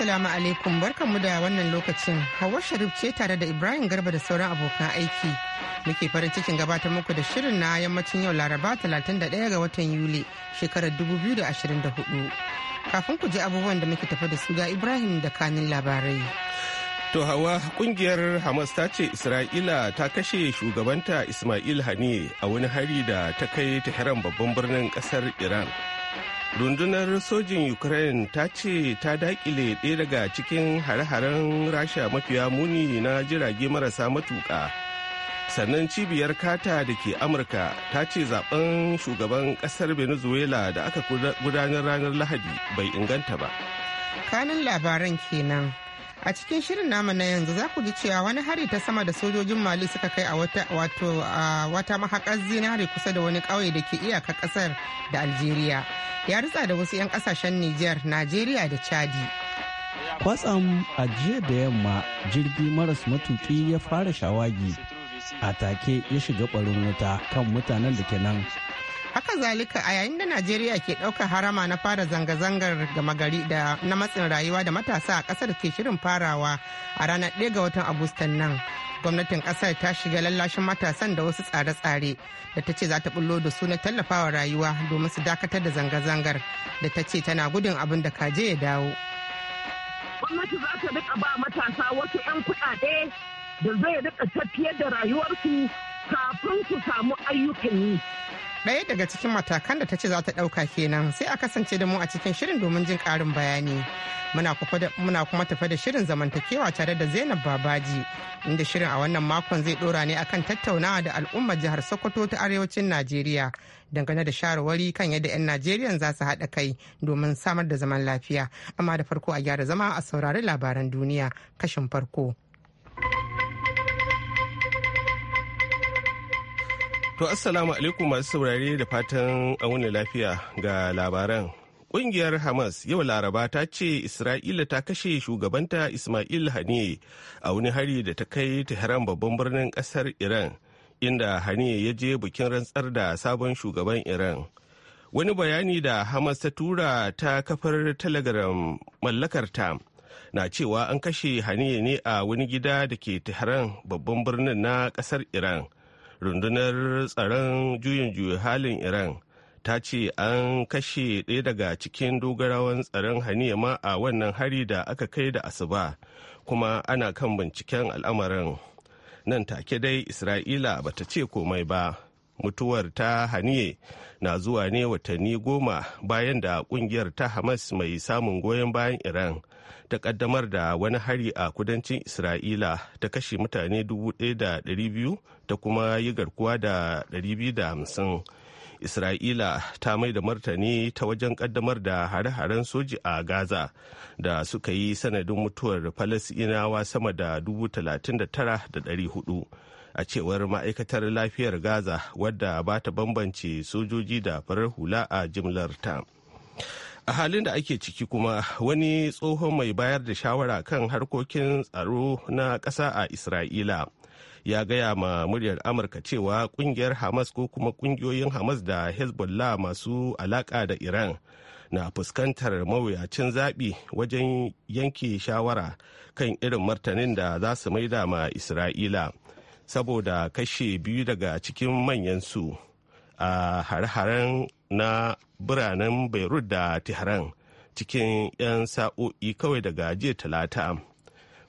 Assalamu alaikum barkanmu da wannan lokacin. Hawa Sharif ce tare da Ibrahim Garba da sauran abokan aiki. Muke farin cikin gabatar muku da shirin na yammacin yau Laraba 31 ga watan Yuli shekarar 2024. Kafin ku ji abubuwan da muke tafi da su ga Ibrahim da kanin labarai. To hawa kungiyar Hamas ta ce Isra'ila ta kashe shugabanta Ismail Haniye a wani hari da ta kai Tehran babban birnin kasar Iran. rundunar sojin ukraine ta ce ta dakile ɗaya daga cikin hare-haren rasha mafiya muni na jirage marasa matuƙa sannan cibiyar kata da ke amurka ta ce zaben shugaban ƙasar venezuela da aka gudanar ranar lahadi bai inganta ba kanin labaran kenan a cikin shirin namu na yanzu za ku ji cewa wani hari ta sama da sojojin mali suka kai a wata mahakar zinare kusa da wani ƙauye da ke iyakar ƙasar da algeria ya ritsa da wasu 'yan ƙasashen niger Nigeria, da chadi kwatsam a jiya da yamma jirgi maras matuƙi ya fara shawagi a take ya shiga ɓarin wuta kan mutanen da ke nan haka zalika a yayin da najeriya ke ɗaukar harama na fara zanga-zangar gama gari da na matsin rayuwa da matasa a ƙasar ke shirin farawa a ranar ɗaya ga watan agustan nan gwamnatin ƙasar ta shiga lallashin matasan da wasu tsare-tsare da ta ce za ta bullo da su na tallafawa rayuwa domin su dakatar da zanga-zangar da ta ce tana gudun abin da kaje ya dawo gwamnati za ta rika ba matasa wasu 'yan kuɗaɗe da zai rika tafiyar da rayuwarsu kafin su samu ayyukan yi ɗaya daga cikin matakan da ta ce za ta ɗauka kenan sai a kasance da mu a cikin shirin domin jin ƙarin bayani muna kuma tafe da shirin zamantakewa tare da zainab babaji inda shirin a wannan makon zai ɗora ne akan tattaunawa da al'ummar jihar sokoto ta arewacin najeriya dangane da shawarwari kan yadda 'yan najeriya za su haɗa kai domin samar da zaman lafiya amma da farko a gyara zama a saurari labaran duniya kashin farko To assalamu alaikum masu saurare da fatan a wani lafiya ga labaran. Ƙungiyar Hamas yau Laraba ta ce Isra'ila ta kashe shugabanta Ismail Haniye a wani hari da ta kai Tehran babban birnin ƙasar Iran inda Haniye ya je bikin rantsar da sabon shugaban Iran. Wani bayani da Hamas ta tura ta kafar telegram ta na cewa an kashe Haniye ne a wani gida da ke Tehran babban birnin na ƙasar Iran. rundunar tsaron juyin juyi halin iran ta ce an kashe ɗaya daga cikin dogarawan tsaron ma a wannan hari da aka kai da asuba kuma ana kan binciken al'amarin nan take dai isra'ila bata ce komai ba mutuwar ta haniye na zuwa ne watanni goma bayan da kungiyar ta hamas mai samun goyon bayan iran ta kaddamar da wani hari a kudancin isra'ila ta kashe mutane 1,200 ta kuma yi garkuwa da 250 isra'ila ta mai da martani ta wajen kaddamar da hare-haren soji a gaza da suka yi sanadin mutuwar falasinawa sama da 39,400 a cewar ma'aikatar lafiyar gaza wadda ba ta bambance sojoji da farar hula a jimlar ta a halin da ake ciki kuma wani tsohon mai bayar da shawara kan harkokin tsaro na ƙasa a isra'ila ya gaya ma muryar amurka cewa kungiyar hamas ko kuma kungiyoyin hamas da hezbollah masu alaka da iran na fuskantar mawuyacin zaɓi wajen yanke shawara kan irin martanin da za su maida ma isra'ila saboda kashe biyu daga cikin manyansu a hare-haren na biranen beirut da tehran cikin 'yan sa'o'i kawai daga jiya talata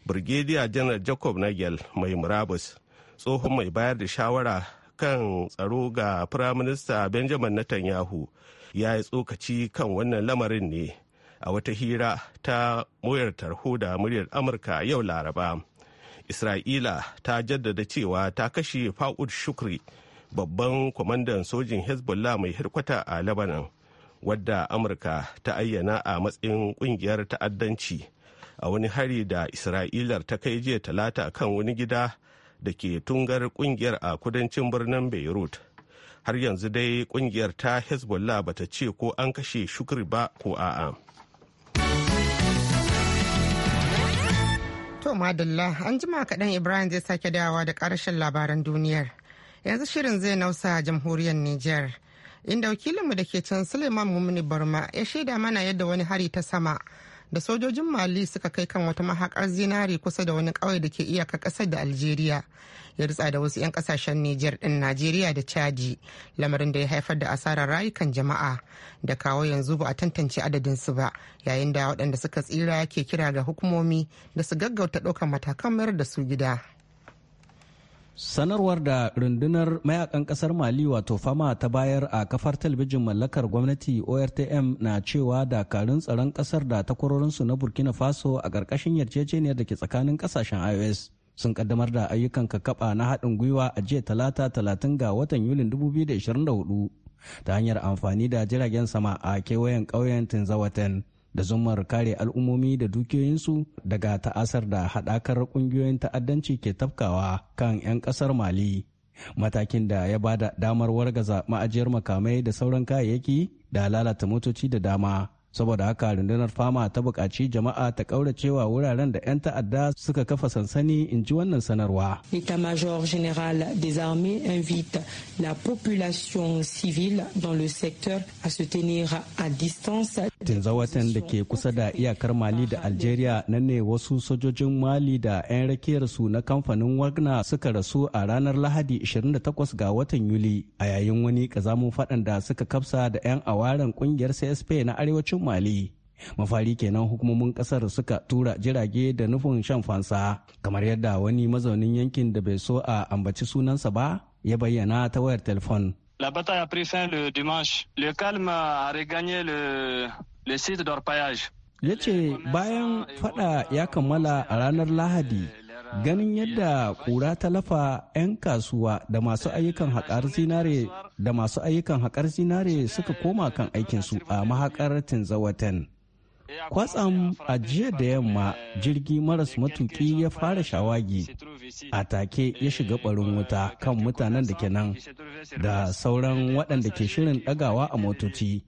brigadier janar jacob nagel mai murabus tsohon mai bayar da shawara kan tsaro ga firaminista benjamin netanyahu ya yi tsokaci kan wannan lamarin ne a wata hira ta moyar tarho da muryar amurka yau laraba isra'ila ta jaddada cewa ta kashe fa'ud shukri babban kwamandan sojin hezbollah mai hirkwata a lebanon wadda amurka ta ayyana a matsayin kungiyar ta'addanci a wani hari da isra'ilar ta kai jiya talata kan wani gida da ke tungar kungiyar a kudancin birnin beirut har yanzu dai kungiyar ta hezbollah ba ta ce ko an kashe shukri ba ko a'a to madalla an jima kaɗan ibrahim zai sake dawowa da ƙarshen labaran duniyar yanzu shirin zai nausa jamhuriyar niger inda wakilinmu da ke can suleiman mumuni barma ya shaida mana yadda wani hari ta sama da sojojin mali suka kai kan wata mahakar zinari kusa da wani kawai da ke iyaka kasar da algeria ya ritsa da wasu 'yan kasashen niger ɗin najeriya da chadi lamarin da ya haifar da asarar rayukan jama'a da kawo yanzu ba a tantance adadin su ba yayin da waɗanda suka tsira ke kira ga hukumomi da su gaggauta ɗaukar matakan mayar da su gida sanarwar da rundunar mayakan kasar mali wato fama ta bayar a kafar talabijin mallakar gwamnati ortm na cewa dakarun tsaron kasar da takwarorinsu na burkina faso a ƙarƙashin yarjejeniyar da ke tsakanin ƙasashen ios sun kaddamar da ayyukan kakaba na haɗin gwiwa a jiya talata talatin ga watan yulin 2024 ta hanyar amfani da jiragen sama a kewayen ƙauyen tinzawatan da zumar kare al'ummomi da dukiyoyinsu daga ta'asar da haɗakar ƙungiyoyin ta'addanci ke tafkawa kan 'yan ƙasar mali matakin da ya bada damar wargaza ma'ajiyar makamai da sauran kayayyaki da lalata motoci da dama saboda haka rundunar fama ta bukaci jama'a ta ƙauracewa wuraren da 'yan ta'adda suka kafa sansani in ji wannan sanarwa. ita major general des armées invite la population civile dans le secteur a se tenir à distance. Tinzawatan da ke kusa da iyakar Mali da Algeria nan ne wasu sojojin Mali da 'yan rakiyar su na kamfanin Wagner suka rasu a ranar Lahadi 28 ga watan Yuli a yayin wani kazamun faɗan da suka kafsa da 'yan awaren kungiyar CSP na arewacin mali mafari kenan hukumomin kasar suka tura jirage da nufin shan fansa kamar yadda wani mazaunin yankin da bai so a ambaci sunansa ba ya bayyana ta wayar telefon La bataille a pris fin le dimanche. Le calme a regagné le, le site d'orpaillage. Ya ce bayan fada ya kammala a ranar Lahadi ganin yadda ƙura ta lafa 'yan kasuwa da masu ayyukan haƙar zinare da masu ayyukan haƙar zinare suka koma kan aikinsu a mahaƙar tinzawatan kwatsam a jiya da yamma jirgi maras matuki ya fara shawagi a take ya shiga barin wuta kan mutanen da ke nan da sauran waɗanda ke shirin ɗagawa a motoci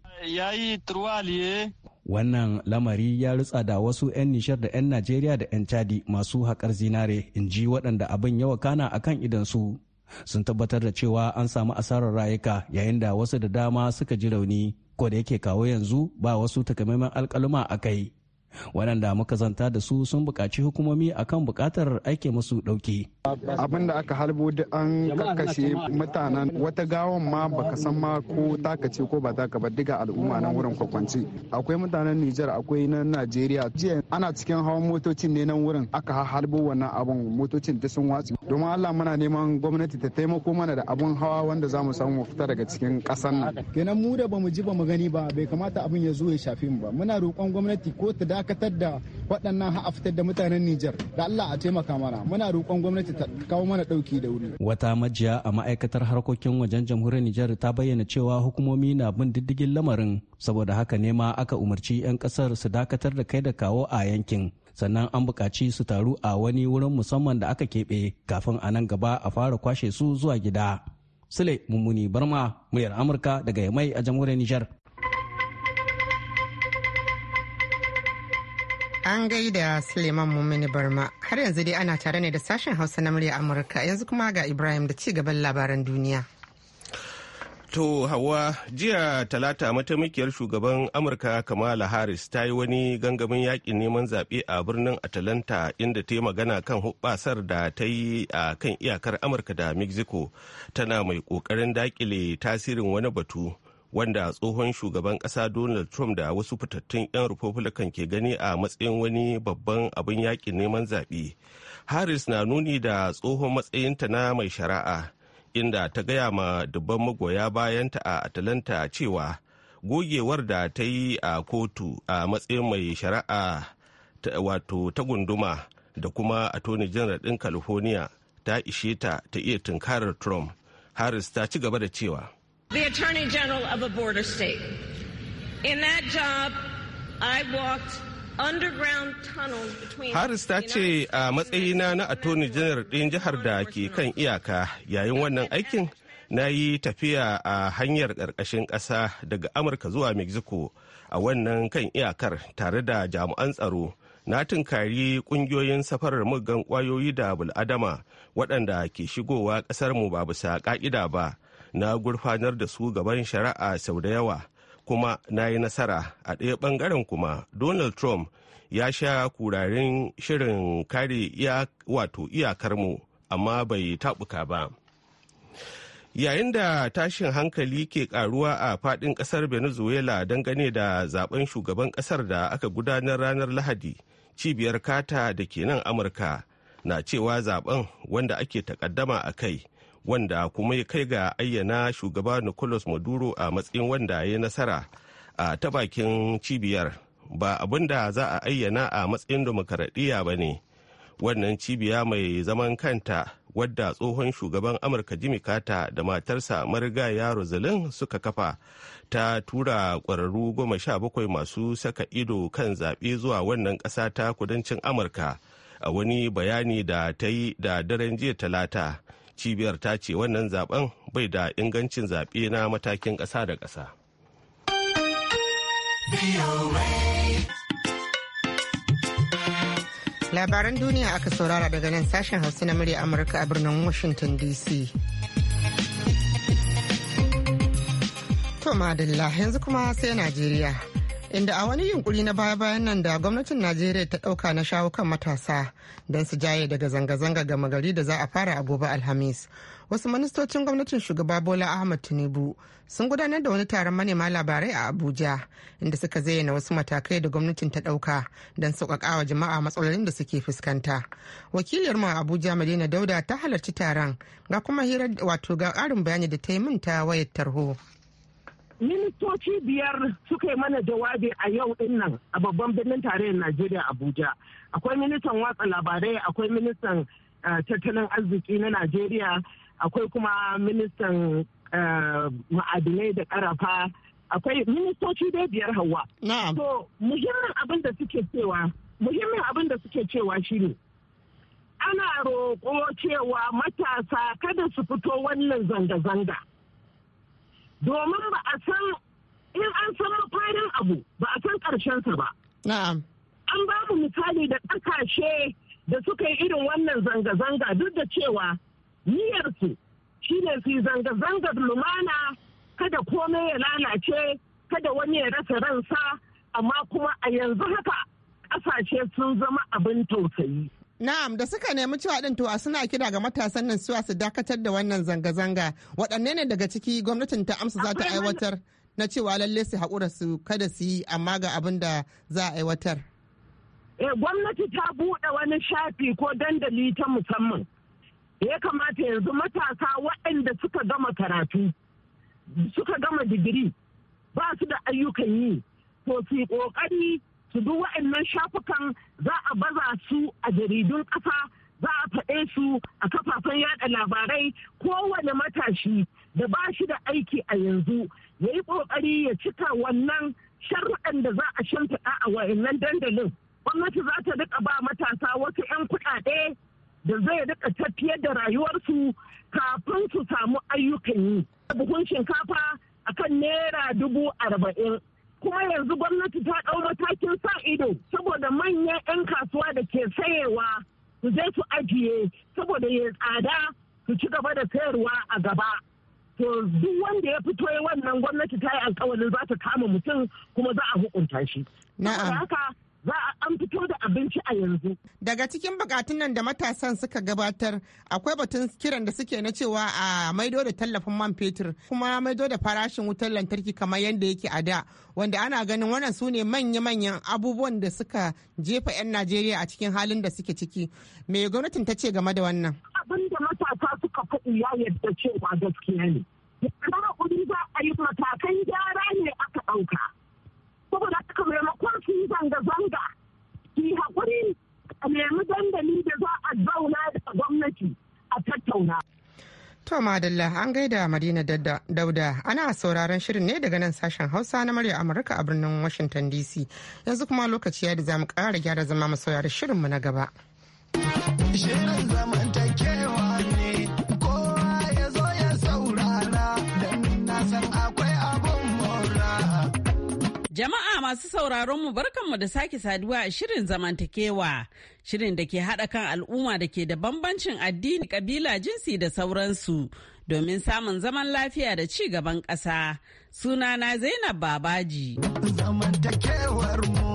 wannan lamari ya rutsa da wasu 'yan nishar da 'yan najeriya da 'yan chadi masu haƙar zinare in ji waɗanda abin ya kana a kan idansu sun tabbatar da cewa an samu asarar rayuka yayin da wasu da dama suka ji rauni ko da yake kawo yanzu ba wasu takamaiman alkaluma a kai waɗanda muka zanta da su sun buƙaci hukumomi akan buƙatar aike musu ɗauki abin da aka halbo da an kakkashe mutanen wata gawan ma baka san ma ko taka ce ko ba taka ba duka al'umma nan wurin kwakwance akwai mutanen Nijar akwai na Najeriya jiya ana cikin hawan motocin ne nan wurin aka halbo wannan abin motocin ta sun watsi domin Allah muna neman gwamnati ta taimako mana da abun hawa wanda zamu samu mu fita daga cikin kasan nan kenan mu da bamu ji bamu gani ba bai kamata abin ya zo ya shafi mu ba muna roƙon gwamnati ko ta dakatar da waɗannan ha'a fitar da mutanen Nijar da Allah a taimaka mana muna roƙon gwamnati kawo mana dauki da wuri. Wata majiya a ma'aikatar harkokin wajen jamhuriyar Nijar ta bayyana cewa hukumomi na bin diddigin lamarin saboda haka ne ma aka umarci 'yan kasar su dakatar da kai da kawo a yankin. sannan an bukaci su taru a wani wurin musamman da aka keɓe kafin a nan gaba a fara kwashe su zuwa gida. Sule Mummuni Barma, muyar Amurka daga Yamai a jamhuriyar Nijar. An gaida Suleiman Mumini Barma har yanzu dai ana tare ne da sashen Hausa na murya Amurka yanzu kuma ga Ibrahim da cigaban labaran duniya. To Hawa jiya talata mataimakiyar shugaban Amurka Kamala Harris ta yi wani gangamin yakin neman zaɓe a birnin Atalanta inda ta yi magana kan hubbasar da ta yi a kan iyakar Amurka da Mexico tana mai ƙoƙarin dakile tasirin wani batu wanda tsohon shugaban ƙasa donald trump da wasu fitattun 'yan republican ke gani a matsayin wani babban abin yakin neman zaɓe harris na nuni da tsohon matsayinta na mai shari'a inda ta gaya ma dubban magoya bayanta a Atlanta cewa gogewar da ta yi a kotu a matsayin mai shari'a wato ta gunduma da kuma attorney general ɗin california ta ishe ta ta iya tunkarar trump harris ta ci gaba da cewa the Attorney General of a border state. In that job, I walked Harris ta ce a matsayina na attorney general ɗin jihar da ke kan iyaka yayin wannan aikin na yi tafiya a hanyar ƙarƙashin ƙasa daga Amurka zuwa Mexico a wannan kan iyakar tare da jami'an tsaro na tunkari ƙungiyoyin safarar muggan ƙwayoyi da bul'adama waɗanda ke shigowa ƙasarmu ba bisa ƙa'ida ba na gurfanar da su gaban shari'a sau da yawa kuma na yi nasara a ɗaya ɓangaren kuma donald trump ya sha kurarin shirin kare wato iyakarmu amma bai taɓuka ba yayin da tashin hankali ke karuwa a faɗin ƙasar venezuela dangane da zaben shugaban ƙasar da aka gudanar ranar lahadi cibiyar kata da ke nan amurka na cewa zaben wanda ake takaddama a kai wanda kuma ya kai ga ayyana shugaba nicolas maduro a matsayin wanda ya nasara a ta bakin cibiyar ba abin da za a ayyana a matsayin demokaradiyya ba ne wannan cibiya mai zaman kanta wadda tsohon shugaban amurka jimmy carter da matarsa marigaya rosalyn suka kafa ta tura kwararru goma sha bakwai masu saka ido kan zaɓe zuwa wannan ƙasa ta kudancin amurka a wani bayani da ta yi da daren jiya talata cibiyar ta ce wannan zaben bai da ingancin zaɓe na matakin ƙasa da ƙasa. labaran duniya aka saurara daga nan sashen hausa na murya amurka a birnin washington dc to madalla yanzu kuma sai najeriya inda a wani yunkuri na baya-bayan nan da gwamnatin najeriya ta ɗauka na shawo kan matasa don su jaye daga zanga-zanga gama gari da za a fara a gobe alhamis wasu ministocin gwamnatin shugaba bola ahmad tinubu sun gudanar da wani taron manema labarai a abuja inda suka zayyana wasu matakai da gwamnatin ta ɗauka don sauƙaƙawa wa jama'a matsalolin da suke fuskanta wakiliyar mu a abuja madina dauda ta halarci taron ga kuma hirar wato ga ƙarin bayani da ta yi min ta wayar tarho ministoci biyar suka yi mana jawabi a yau din nan a babban birnin tarayyar najeriya abuja akwai ministan watsa labarai akwai ministan eh, tattalin arziki na najeriya akwai kuma ministan eh, ma'adinai da karafa akwai ministoci dai biyar hawa to muhimmin abin da suke cewa muhimmin abin da suke cewa shine ana roƙo cewa matasa kada su fito wannan zanga-zanga domin ba a san in an san mafarin abu ba a san ƙarshensa ba. Na'am. An ba mu misali da ƙasashe da suka yi irin wannan zanga-zanga duk da cewa niyyarsu shine su yi zanga-zangar lumana kada komai ya lalace kada wani ya rasa ransa amma kuma a yanzu haka ƙasashe sun zama abin tausayi. Na'am da suka nemi cewa din to suna kira ga matasan nan suwa su dakatar da wannan zanga-zanga waɗanne ne daga ciki gwamnatin ta amsa za ta aiwatar na cewa lalle su haƙura su kada su yi amma ga abin da za a aiwatar. Eh, gwamnati ta buɗe wani shafi ko dandali ta musamman ya kamata yanzu matasa waɗanda suka gama karatu suka gama digiri ba su da ayyukan yi to su yi ƙoƙari su duk wa'annan shafukan za a baza su a jaridun ƙasa za a faɗe su a kafafen yada labarai kowane matashi da ba shi da aiki a yanzu ya yi ƙoƙari ya cika wannan sharuɗan da za a shimfiɗa a wa'annan dandalin gwamnati za ta riƙa ba matasa wasu 'yan kuɗaɗe da zai rika tafiyar da rayuwarsu kafin su samu ayyukan yi buhun shinkafa akan naira dubu arba'in kuma yanzu gwamnati ta ɗau matakin sa ido saboda manyan 'yan kasuwa da ke sayewa su je su ajiye saboda ya tsada su ci gaba da sayarwa a gaba. To duk wanda ya fito wannan gwamnati ta yi alkawalin za ta kama mutum kuma za a hukunta shi. Na'am. haka za a an fito da abinci a yanzu. Daga cikin bukatun nan da matasan suka gabatar akwai batun kiran da suke na cewa a maido da tallafin man fetur kuma maido da farashin wutar lantarki kamar yadda yake a da wanda ana ganin wannan su ne manya-manyan abubuwan da suka jefa 'yan Najeriya a cikin halin da suke ciki. Me gwamnatin ta ce game da wannan? Abin da matasa suka faɗi ya yarda cewa gaskiya ne. Yanzu za a yi matakan gyara ne aka ɗauka. saboda haka maimakon su yi zanga-zanga su yi haƙuri a nemi dandali da za a zauna da gwamnati a tattauna. To Madalla an gaida Madina Dauda ana sauraron shirin ne daga nan sashen Hausa na murya Amurka a birnin Washington DC. Yanzu kuma lokaci ya da za mu ƙara gyara zama mu shirin shirinmu na gaba. Shirin zama masu sauraron mu barkanmu da sake saduwa a shirin zamantakewa. Shirin da ke haɗa kan al'umma da ke da bambancin addini, kabila, jinsi da sauransu domin samun zaman lafiya da ci gaban ƙasa. Sunana Zainab Babaji. Zamantakewar mu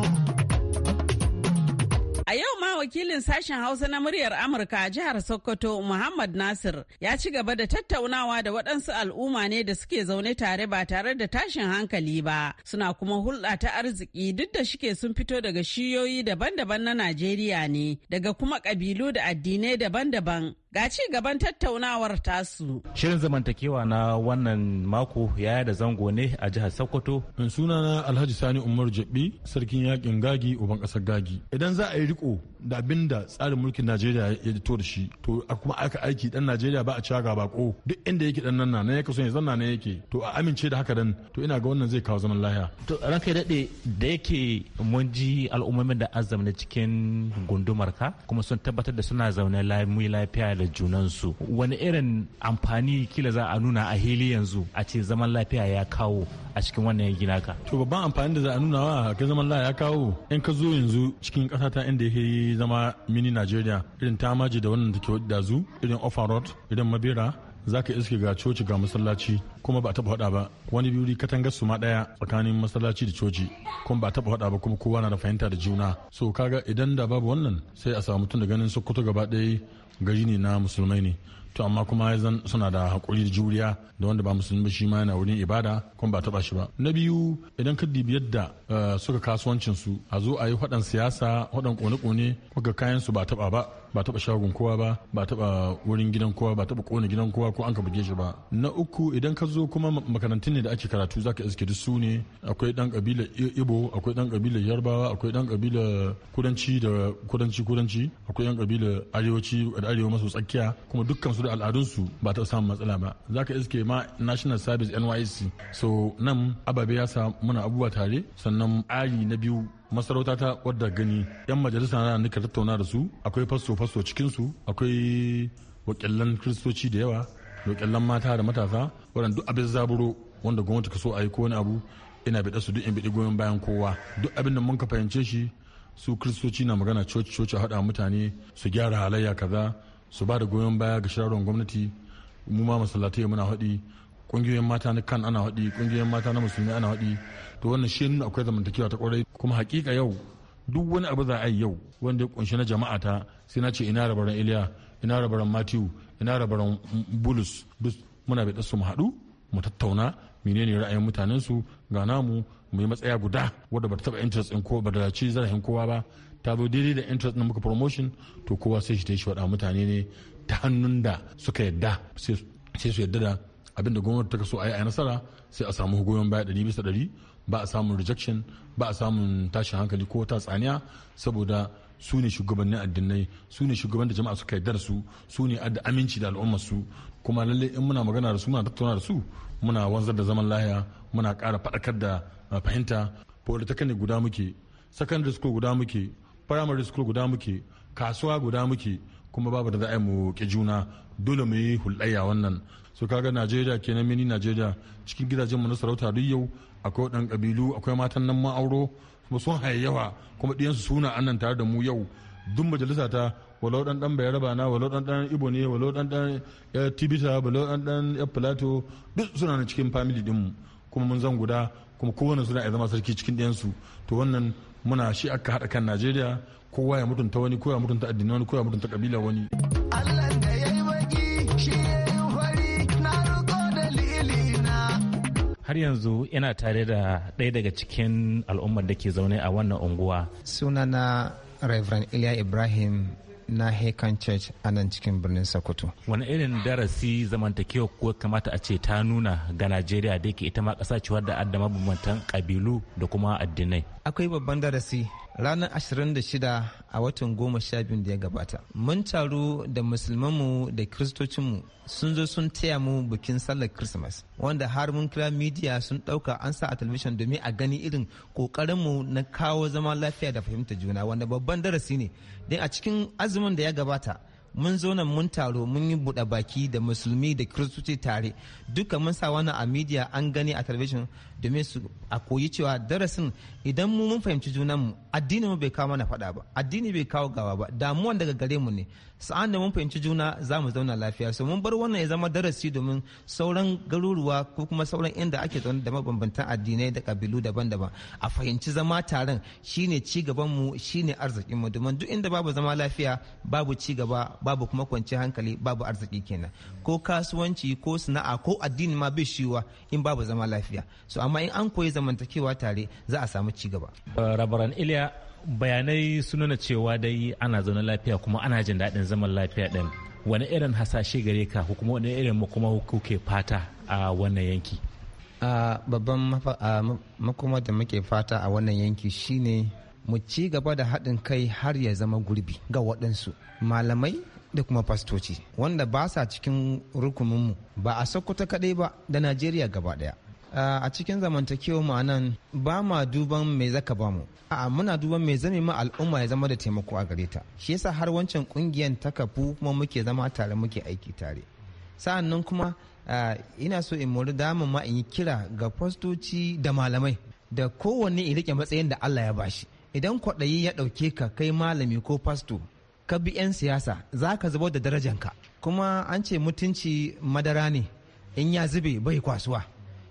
A yau ma wakilin sashen Hausa na muryar Amurka a jihar Sokoto Muhammad Nasir ya ci gaba da tattaunawa da waɗansu al'umma ne da suke zaune tare ba tare da tashin hankali ba. Suna kuma hulɗa ta arziki duk da shike sun fito daga shiyoyi daban-daban na Najeriya ne, daga kuma ƙabilu da addinai daban-daban. Ga ci gaban tattaunawar tasu. Shirin zamantakewa na wannan mako ya da zango ne a jihar Sokoto. In sunana Alhaji Sani Umar Jabi, sarkin yakin gagi uban kasar gagi. Idan za a yi riko da abin da tsarin mulkin Najeriya ya fito da shi, to kuma aka aiki dan Najeriya ba a caga bako duk inda yake dan nan na yake so ya zanna ne yake. To a amince da haka dan to ina ga wannan zai kawo zaman lafiya. To kai daɗe da yake mun ji al'ummomin da azam cikin gundumar ka kuma sun tabbatar da suna zaune lafiya da junansu wani irin amfani kila za a nuna a hili yanzu a ce zaman lafiya ya kawo a cikin wannan yanki naka to babban amfani da za a nuna wa ga zaman lafiya ya kawo in ka zo yanzu cikin ƙasa ta inda ya zama mini Najeriya irin ta maji da wannan take da zu irin Offer Road irin Mabera za ka iske ga coci ga masallaci kuma ba taba hada ba wani biyu katangar su ma daya tsakanin masallaci da coci kuma ba taba hada ba kuma kowa na da fahimta da juna so kaga idan da babu wannan sai a samu tun da ganin sokoto gaba daya gari ne na musulmai ne to amma kuma zan suna da haƙuri da juriya da wanda ba musulmi shi ma yana wurin ibada kuma ba taɓa shi ba na biyu idan ka dibi yadda eh, suka kasuwancin su a zo a yi haɗan siyasa faɗan kone-kone kuka kayan su ba taɓa ba ba taba shagon kowa ba ba taba wurin gidan kowa ba taba kona gidan kowa ko an ka buge shi ba na uku idan ka zo kuma makarantun ne da ake karatu zaka iske duk su ne akwai dan kabila ibo akwai dan kabila yarbawa akwai dan kabila kudanci da kudanci kudanci akwai yan kabila arewaci da arewa maso tsakiya kuma dukkan su da al'adun su ba ta samun matsala ba zaka iske ma national service nysc so nan ababe ya sa muna abubuwa tare sannan ari na biyu masarauta ta wadda gani yan majalisa na nika tattauna da su akwai fasto fasto cikinsu. akwai wakilan kristoci da yawa wakilan mata da matasa waɗanda duk abin zaburo wanda gwamnati ka so a yi ko wani abu ina bi su duk in bi goyon bayan kowa duk abin da mun ka fahimce shi su kristoci na magana coci coci a haɗa mutane su gyara halayya kaza su ba da goyon baya ga shirarwan gwamnati mu ma masallatai muna haɗi kungiyoyin mata na kan ana haɗi kungiyoyin mata na musulmi ana haɗi to wannan shi nuna akwai zamantakewa ta kwarai kuma hakika yau duk wani abu za a yi yau wanda ya kunshi na jama'a ta sai na ce ina rabaran iliya ina rabaran matthew ina rabaran bulus duk muna bai su mu haɗu mu tattauna menene ra'ayin mutanen su ga namu mu yi matsaya guda wadda ba ta taba interest in ko ba da ci zarafin kowa ba ta zo daidai da interest na muka promotion to kowa sai shi ta yi shi mutane ne ta hannun da suka yadda sai su yadda da abinda gwamnati ta so a yi a nasara sai a samu goyon baya ɗari bisa ɗari ba a samun rejection ba a samun tashin hankali ko ta tsaniya saboda su ne shugabannin addinai su ne shugaban da jama'a suka yarda da su su ne adda aminci da al'ummar su kuma lalle in muna magana da su muna tattauna da su muna wanzar da zaman lahiya muna kara faɗakar da ah, fahimta ne guda muke secondary school guda muke primary school guda muke kasuwa guda muke kuma babu da za mu ke juna dole mu yi hulɗayya wannan so kaga najeriya kenan mini najeriya cikin gidajen mu na sarauta duk yau akwai ɗan ƙabilu akwai matan nan ma auro kuma sun hayayyawa kuma ɗiyansu suna annan tare da mu yau duk majalisa ta walau ɗan dan bayaraba na walau ɗan ɗan ibo ne walau ɗan ɗan eh, tibita walau ɗan ɗan plato eh, duk suna na cikin famili ɗinmu mu kuma mun zan guda kuma kowane suna ya zama sarki cikin ɗiyansu to wannan muna shi aka haɗa kan najeriya kowa ya mutunta wani kowa ya mutunta addini wani kowa ya mutunta kabila wani har yanzu yana tare da ɗaya daga cikin al'ummar da ke zaune a wannan unguwa. sunana reverend iliya ibrahim na Hakan church a nan cikin birnin sokoto wani irin darasi zamantakewa ko kamata a ce ta nuna ga najeriya da ke ita ma ƙasa cewar da adama mabambantan ƙabilu da kuma addinai akwai babban darasi ranar 26 a watan goma sha biyu da ya gabata mun taru da musulmanmu da kiristocinmu sun zo sun taya mu bikin sallar christmas wanda har mun kira media sun dauka an sa a television domin a gani irin kokarinmu na kawo zama lafiya da fahimta juna wanda babban darasi ne don a cikin azumin da ya gabata mun zo nan mun taro mun yi buɗe baki da musulmi da kiristoci tare duka mun sa wannan a media an gani a television domin su a koyi cewa darasin idan mu mun fahimci junan mu addini mu bai kawo mana faɗa ba addini bai kawo gawa ba damuwan daga gare mu ne sa'an da mun fahimci juna za mu zauna lafiya so mun bar wannan ya zama darasi domin sauran garuruwa ko kuma sauran inda ake zaune da mabambantan addinai da kabilu daban-daban a fahimci zama taron shine ci gaban mu shine arzikin mu domin duk inda babu zama lafiya babu ci gaba babu kuma kwanci hankali babu arziki kenan ko kasuwanci ko sana'a ko addini ma bai shiwa in babu zama lafiya so amma in an koyi zamantakewa tare za a samu ci gaba uh, rabaran iliya bayanai sun nuna cewa dai ana zaune lafiya kuma ana jin daɗin zaman lafiya ɗin wani irin hasashe gare ka ko kuma wani irin makoma kuke fata a wannan yanki babban makoma da muke fata a wannan yanki shine mu ci gaba da haɗin kai har ya zama gurbi ga waɗansu malamai da kuma fastoci wanda ba sa cikin rukuninmu ba a sokoto kaɗai ba da najeriya gaba ɗaya a cikin zamantakewa mu nan ba ma duban me zaka ba mu a muna duban me zame ma al'umma ya zama da taimako a gare ta shi yasa har wancan kungiyan ta kafu kuma muke zama tare muke aiki tare sa'annan kuma ina so in mori dama ma in yi kira ga fastoci da malamai da kowanne in rike matsayin da Allah ya bashi idan kwaɗayi ya ɗauke ka kai malami ko fasto ka bi 'yan siyasa za ka zubar da darajanka kuma an ce mutunci madara ne in ya zube bai kwasuwa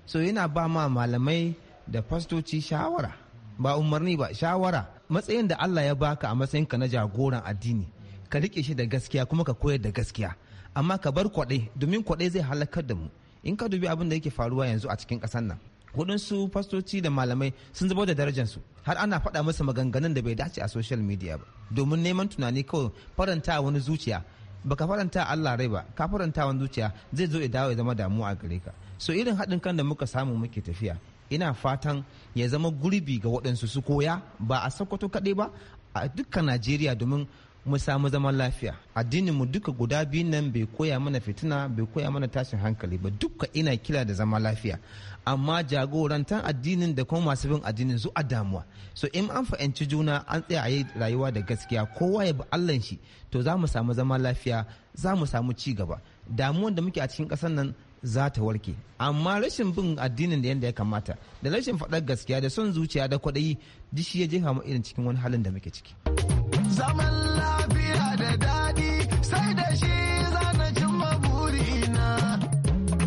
so yana ba ma malamai da fastoci shawara ba umarni ba shawara matsayin da Allah ya baka a ka na jagoran addini ka rike shi da gaskiya kuma ka koyar da gaskiya amma ka bar kwaɗai domin kwaɗai zai halakar da mu in ka dubi abin da yake faruwa yanzu a cikin ƙasar nan waɗansu fastoci da malamai sun zubar da darajarsu har ana faɗa masa maganganun da bai dace a social media ba domin neman tunani kawai faranta wani zuciya baka faranta Allah rai ba ka faranta wani zuciya zai zo ya dawo ya zama damuwa a gare ka so irin haɗin kan da muka samu muke tafiya ina fatan ya zama gurbi ga waɗansu su koya ba a sokoto kaɗai ba a dukkan najeriya domin mu samu zaman lafiya addinin mu duka guda biyun nan bai koya mana fitina bai koya mana tashin hankali ba duka ina kila da zama lafiya amma jagorantan addinin da kuma masu bin addinin su a damuwa so in an fahimci juna an tsaya a yi rayuwa da gaskiya kowa ya bi allan shi to za mu samu zaman lafiya za mu samu ci gaba damuwan da muke a cikin ƙasar nan za ta warke amma rashin bin addinin da yadda ya kamata da rashin faɗar gaskiya da son zuciya da kwaɗayi dishi ya jefa mu irin cikin wani halin da muke ciki. zaman lafiya da daɗi sai da shi cimma burina.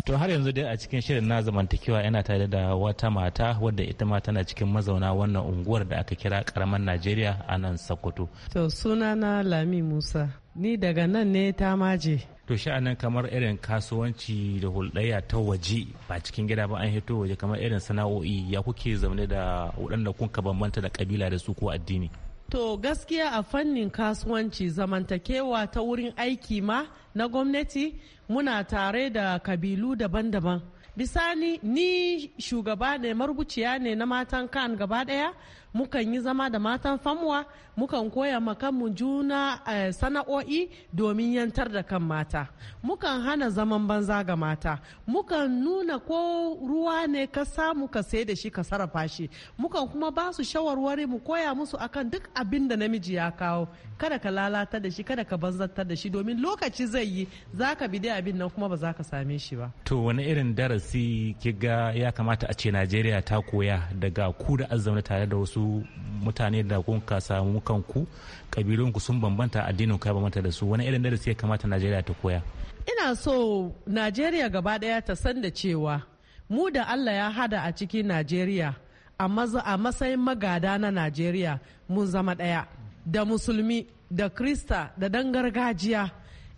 To har yanzu dai a cikin shirin na zamantakewa yana tare da wata mata wadda ita ma tana cikin mazauna wannan unguwar da aka kira karamar Najeriya a nan Sokoto. To na Lami Musa. Ni daga nan ne ta maje. to sha'anin kamar irin kasuwanci da hulɗayya ta waje ba cikin gida ba an hito waje kamar irin sana'o'i ya kuke zaune da waɗanda kun ka bambanta da kabila da su ko addini To gaskiya a fannin kasuwanci zamantakewa ta wurin aiki ma na gwamnati muna tare da kabilu daban-daban. Bisani ni shugaba ne marubuciya ne na matan kan gaba daya mukan yi zama da matan famuwa mukan koya ma kanmu juna eh, sana'o'i domin yantar da kan mata mukan hana zaman banza ga mata mukan nuna ko ruwa ne ka samu ka sai da shi ka sarrafa shi mukan kuma ba su shawarwari mu koya musu akan duk abin da namiji ya kawo kada ka lalata da shi kada ka banzantar da shi domin lokaci zai yi za ka bi dai abin nan kuma ba za ka same shi ba to wani irin darasi kiga ya kamata a ce najeriya ta koya daga ku da azzauna tare da wasu wasu mutane da kun samu kanku kabilunku sun bambanta addinin ku ya bambanta da su wani irin darasi ya kamata najeriya ta koya ina so najeriya gaba daya ta san da cewa mu da allah ya hada a cikin najeriya a matsayin magada na najeriya mun zama daya da musulmi da krista da dan gargajiya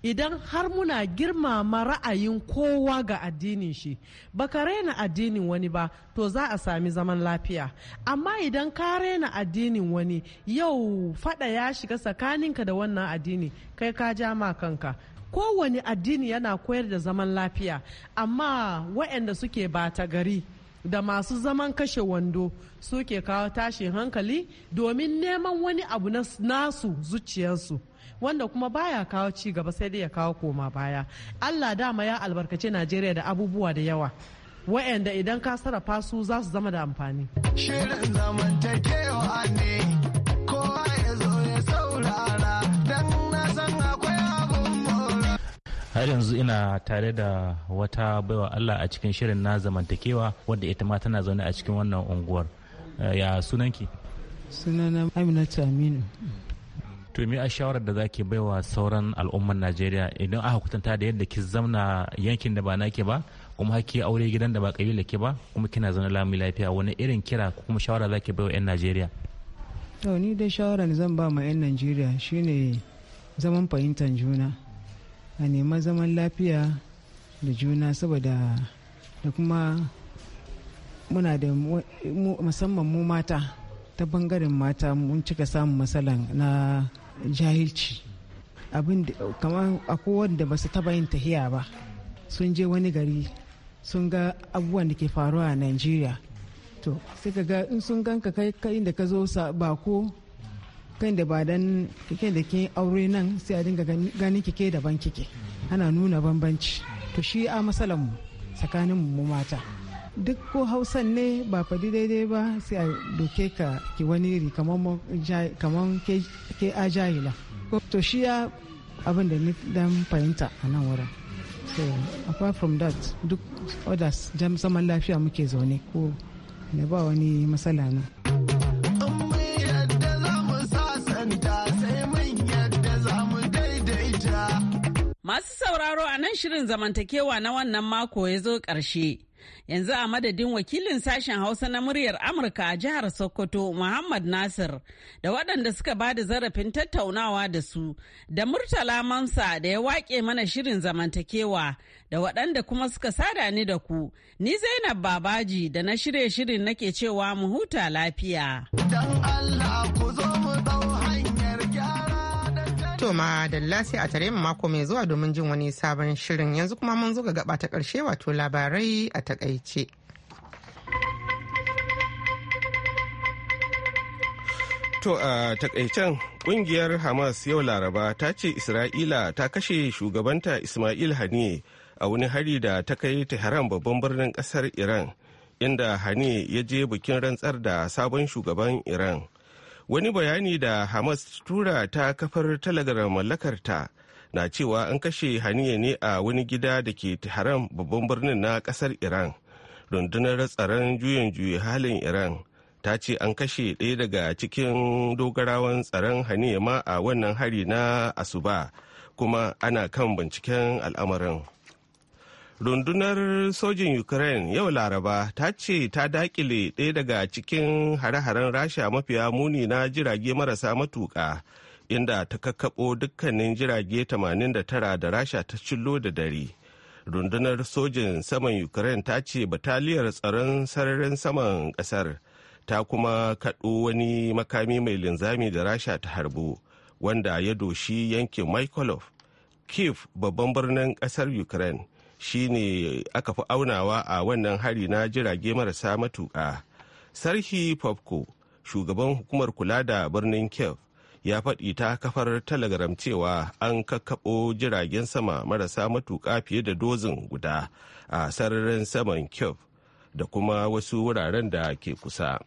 idan har muna girmama ra'ayin kowa ga addinin shi ba ka raina addinin wani ba to za a sami zaman lafiya amma idan ka raina addinin wani yau fada ya shiga tsakaninka da wannan addini kai ka ja ma kanka kowane addini yana koyar da zaman lafiya amma waɗanda suke bata gari da masu zaman kashe wando suke kawo tashin hankali domin neman wani abu nasu zuciyarsu wanda kuma baya kawo ci gaba sai dai ya kawo koma baya allah dama ya albarkace najeriya da abubuwa da yawa wa'anda idan ka sarrafa su za su zama da amfani shirin zamantakewa ne kowa har yanzu ina tare da wata baiwa allah a cikin shirin na zamantakewa wadda ita ma tana zaune a cikin wannan unguwar eh, ya sunanki sunana aminatu aminu to a shawarar da bai wa sauran al'ummar najeriya idan aka kutanta da yadda ki zamna yankin da ba nake ba kuma haƙƙi aure gidan da ba kabila ke ba kuma kina zaune lami lafiya wani irin kira ko kuma shawara zaki wa yan najeriya to ni dai shawarar zan ba ma yan najeriya shine zaman fahimtar juna a neman zaman lafiya da juna saboda da kuma muna da musamman mu mata ta bangaren mata mun cika samun matsalan na jahilci abin da kamar akwai wanda ba su taba yin tahiya ba sun je wani gari sun ga abubuwan da ke faruwa a nigeria to sai ka ga in sun ganka kai kai ka zo bako kai da ba dan kike da ke aure nan sai a dinga ganin kike daban kike ana nuna bambanci to shi a matsalan mu tsakanin mu mata duk ko hausan ne ba fadi daidai ba sai a doke ka ki wani iri kamar ke ko mm. to shi ya abin da dan fahimta a nan wurin so apart from that duk others zaman lafiya muke zaune ko ne ba wani matsala na. Masu sauraro a nan shirin zamantakewa na wannan mako ya zo ƙarshe. Yanzu a madadin wakilin sashen Hausa na muryar Amurka a jihar Sokoto, Muhammad Nasir, da waɗanda suka ba da zarafin tattaunawa da su, da Murtala Mamsa da ya waƙe mana shirin zamantakewa, da waɗanda kuma suka sada ni da ku. Ni Zainab Babaji da na shirye shirin nake cewa mu huta lafiya. Allah ku zo mu ma dalla sai a tare mu mako mai zuwa domin jin wani sabon shirin yanzu kuma mun zo ga gaba ta karshe wato labarai a takaice. To a takaicen kungiyar Hamas yau Laraba ta ce Isra'ila ta kashe shugabanta Ismail Haniye a wani hari da ta kai Tehran babban birnin kasar Iran inda Haniye ya je bikin rantsar da sabon shugaban Iran. wani bayani da hamas tura ta kafar talagar mallakarta na cewa an kashe haniya ne a wani gida da ke haram babban birnin na kasar iran rundunar tsaron juyin juyi halin iran ta ce an kashe ɗaya daga cikin dogarawan tsaron haniya ma a wannan hari na asuba kuma ana kan binciken al'amarin rundunar sojin ukraine yau laraba ta ce ta dakile ɗaya daga cikin hare-haren rasha mafiya muni na jirage marasa matuƙa inda ta kakkaɓo dukkanin jirage 89 da rasha ta cillo da dare rundunar sojin saman ukraine ta ce bataliyar tsaron sararin saman ƙasar ta kuma kaɗo wani makami mai linzami da rasha ta harbo wanda ya doshi yankin kiev babban birnin ƙasar ukraine shine aka fi aunawa a wannan hari na jirage marasa matuƙa sarki popko shugaban hukumar kula da birnin kiev ya faɗi ta kafar telegram cewa an kakkaɓo jiragen sama marasa matuƙa fiye da dozin guda a sararin saman kiev da kuma wasu wuraren da ke kusa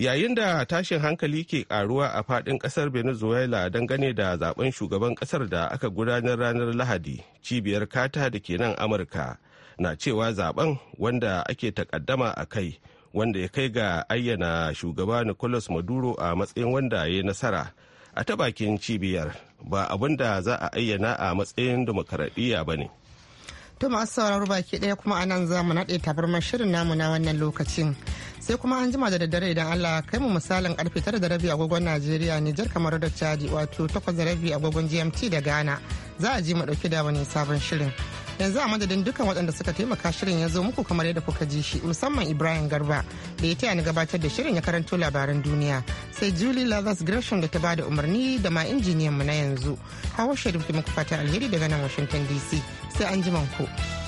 yayin da tashin hankali ke karuwa a fadin kasar venezuela dangane da zaben shugaban kasar da aka gudanar ranar lahadi cibiyar kata da ke nan amurka na cewa zaben wanda ake takaddama a kai wanda ya kai ga ayyana shugaba nicolas maduro a matsayin wanda ya yi nasara a ta bakin cibiyar ba abin da za a ayyana a matsayin demokaradiyya ba ne To masu sauraro baki ɗaya kuma a nan za mu naɗe tabarmar shirin namu na wannan lokacin. Sai kuma an jima da daddare idan Allah kai mu misalin karfe tara da rabi agogon Najeriya Nijar kamar da Chadi wato takwas da rabi agogon GMT da Ghana. Za a ji mu ɗauki da wani sabon shirin. yanzu a madadin dukkan waɗanda suka taimaka shirin ya zo muku kamar yadda kuka ji shi musamman ibrahim garba da ya taya ni gabatar da shirin ya karanto labaran duniya sai julie lazarus gresham da ta ba da umarni da ma injiniyan mu na yanzu hawa sharif da muku fata alheri daga nan washington dc sai an ku.